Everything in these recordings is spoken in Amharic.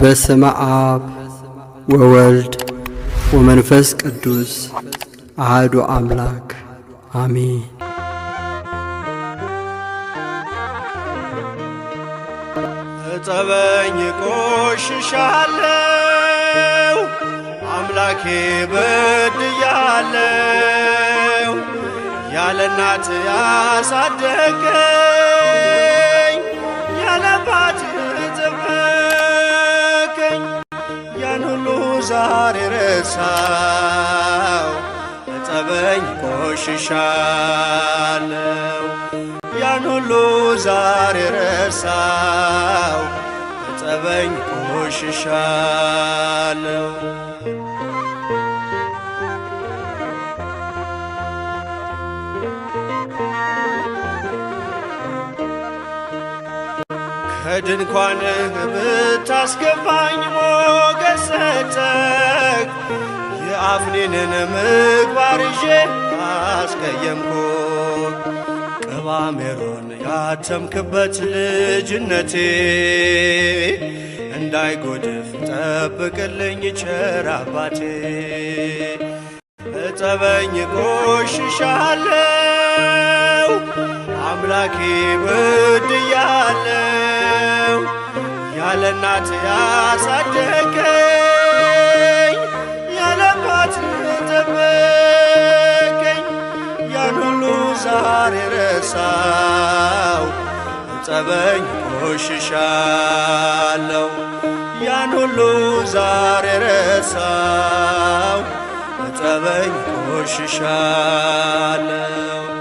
በስመ አብ ወወልድ ወመንፈስ ቅዱስ አህዱ አምላክ አሜን። እጠበኝ ቆሽሻለው አምላኬ በድያለሁ፣ ያለ እናት ያሳደገኝ ረሳው በጸበኝ ቆሽሻለው ያን ሁሉ ዛሬ ረሳው በጸበኝ ቆሽሻለው ከድንኳንህ ብታስገባኝ ሞ አፍኒንን ምግባር ይዤ አስቀየምኩ ቅባሜሮን ያተምክበት ልጅነቴ እንዳይጎድፍ ጠብቅልኝ ቸር አባቴ እጠበኝ ቆሽሻለው አምላኬ ብድያለው ያለ እናት ያሳደገኝ ደበቀኝ ያን ሁሉ ዛሬ ረሳው ጸበኝ ቆሽሻለው ያን ሁሉ ዛሬ ረሳው ቆሽሻለው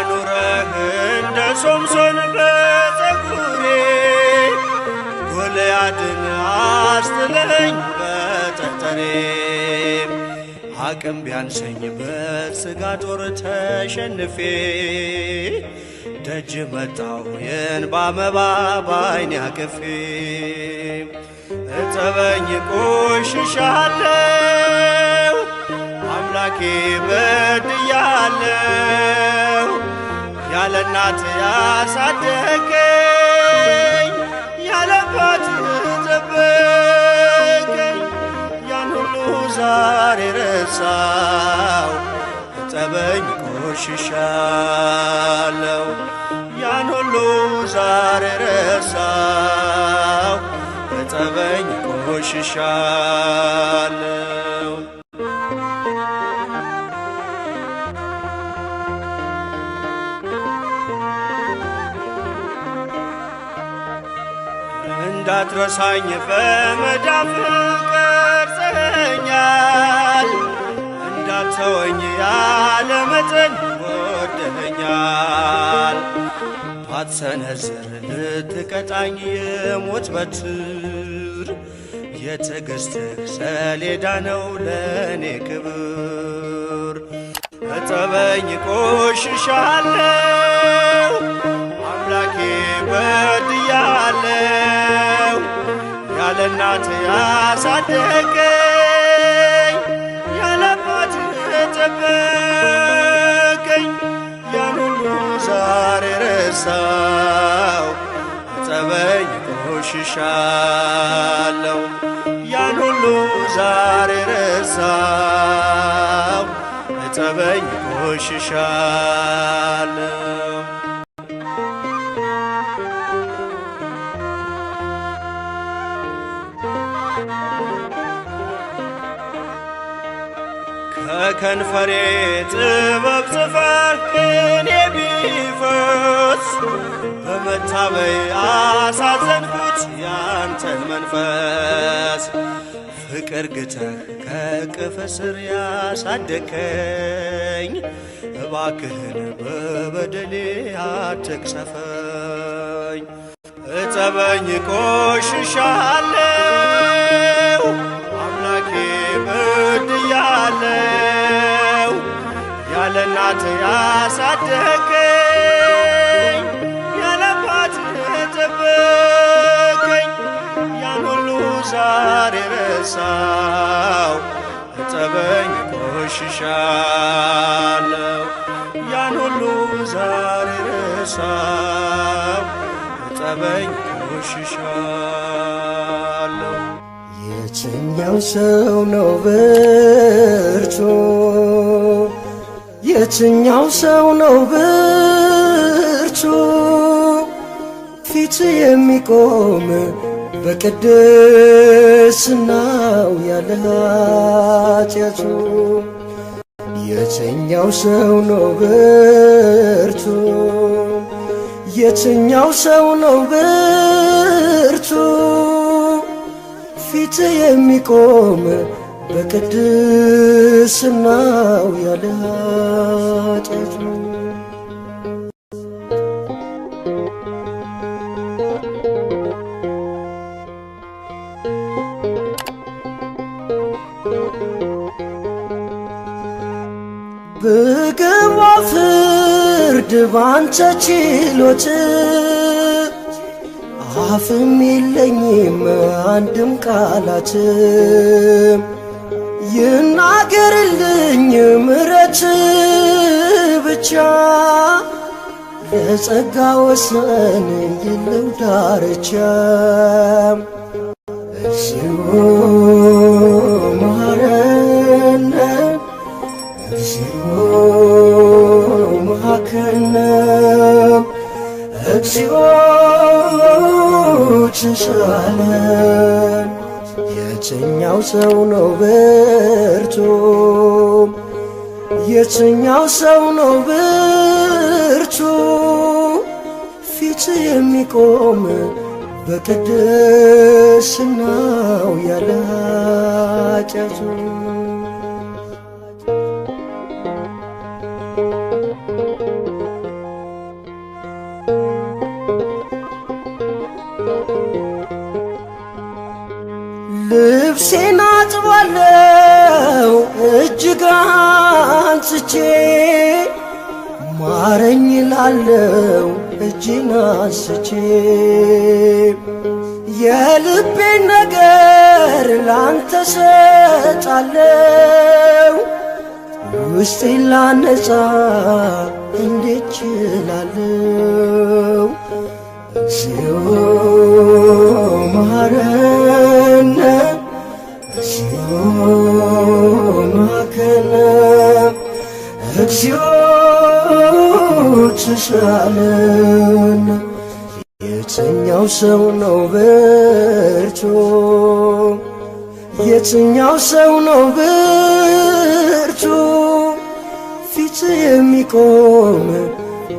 አኑረህ እንደ ሶምሶን በጠጉሬ ጎልያድን አስጥለኝ በጠጠሬ አቅም ቢያንሰኝ ስጋ ጦር ተሸንፌ ደጅ መጣሁ የእንባ መባ ባይን ያቅፌ እጠበኝ ቆሽሻለሁ አምላኬ በድያለሁ ያለ እናት ያሳደገኝ ያለ አባት ጠበቀኝ። ያን ሁሉ ዛሬ ረሳው እጠበኝ ቆሽሻለው ያን ሁሉ ዛሬ ረሳው እጠበኝ ቆሽሻለው እንዳትረሳኝ በመዳፍ ቀርጸኛል እንዳትተወኝ ያለመጠን ወደኛል ባትሰነዝር ልትቀጣኝ የሞት በትር የትዕግሥትህ ሰሌዳ ነው ለእኔ ክብር። እጠበኝ ቆሽሻለሁ ወድያለው ያለ እናት ያሳደገኝ ያለ አባት የጠበቀኝ ያን ሁሉ ዛሬ ረሳው ጸበይ ቆሽሻለው ያን ሁሉ ዛሬ ረሳው ጸበይ ቆሽሻለው ከንፈሬ ጥበብ ጽፈር እኔ ቢፈስ በመታበይ አሳዘንኩት ያንተን መንፈስ ፍቅር ግተህ ከቅፍ ስር ያሳደከኝ እባክህን በበደሌ አትቅሰፈኝ። እጠበኝ ቆሽሻለሁ አምላኬ በድያለሁ ያለ እናት ያሳደገኝ ያለ አባት የጠበቀኝ ያን ሁሉ ዛሬ ረሳው እጠበኝ ቆሽሻለሁ ያን ሁሉ ዛሬ ረሳው እጠበኝ ቆሽሻለሁ የትኛው ሰው ነው ብርቱ የትኛው ሰው ነው ብርቱ ፊት የሚቆም በቅድስናው ያለ ኃጢአቱ? የትኛው ሰው ነው ብርቱ የትኛው ሰው ነው ብርቱ ፊት የሚቆም በቅድስናው ያለ ኃጢአት ብገባ ፍርድ ባንተ ችሎት አፍም የለኝም አንድም ቃላትም ይናገርልኝ ምረት ብቻ የጸጋ ወሰን የለው ዳርቻ እግዚኦ መሐረነ እግዚኦ መሐከነ እግዚኦ ትንሣኤነ የትኛው ሰው ነው ብርቱ? የትኛው ሰው ነው ብርቱ? ፊት የሚቆም በቅድስናው ያለ ኃጢአቱ ነፍሴን አጥባለው እጅግ አንጽቼ ማረኝ ላለው እጅን አንስቼ የልቤን ነገር ላንተ ሰጣለው ውስጤን ላነጻ እንዴት ችላለው እግዚኦ ማረኝ ማከለም እግዚኦ ትሻለን። የትኛው ሰው ነው በርቶ? የትኛው ሰው ነው በርቶ? ፊት የሚቆም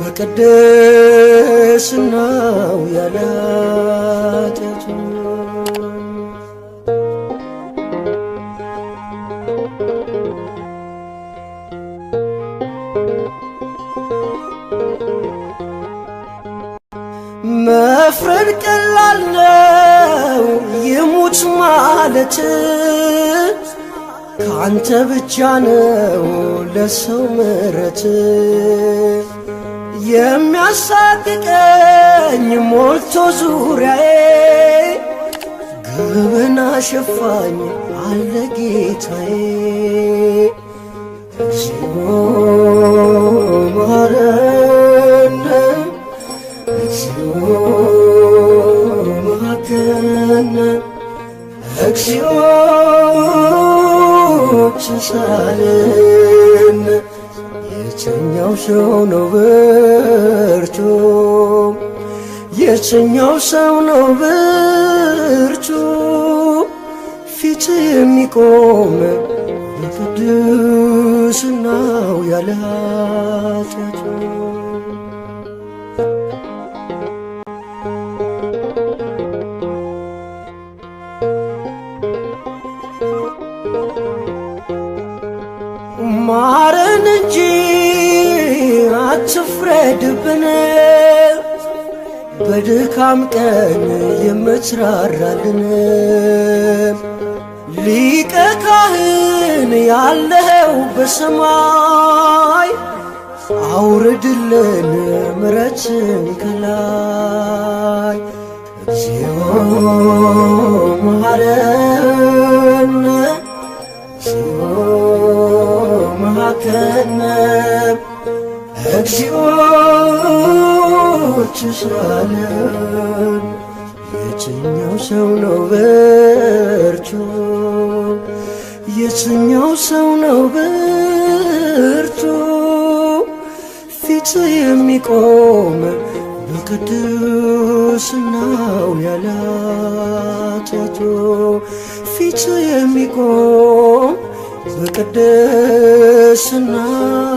በቅድስናው ያለ ኃጢአቱ መፍረድ ቀላል ነው፣ ይሙት ማለት ካንተ ብቻ ነው ለሰው ምሕረት። የሚያሳቅቀኝ ሞልቶ ዙሪያዬ ግብና ሸፋኝ አለ ጌታዬ። ነው ብርቱ? የትኛው ሰው ነው ብርቱ? ፊት የሚቆም በቅድስናው ያለ ኃጢአቱ ማረን እንጂ አትፍረድብን በድካም ቀን የምትራራልን ሊቀ ካህን ያለኸው በሰማይ አውርድልን ምረትን ከላይ እግዚኦ መሐረነ እግዚኦ መሐከነ ሺዎች ሳለን የትኛው ሰው ነው ብርቱ? የትኛው ሰው ነው ብርቱ? ፊት የሚቆም በቅድስናው ያለ ኃጢአቱ ፊት የሚቆም በቅድስናው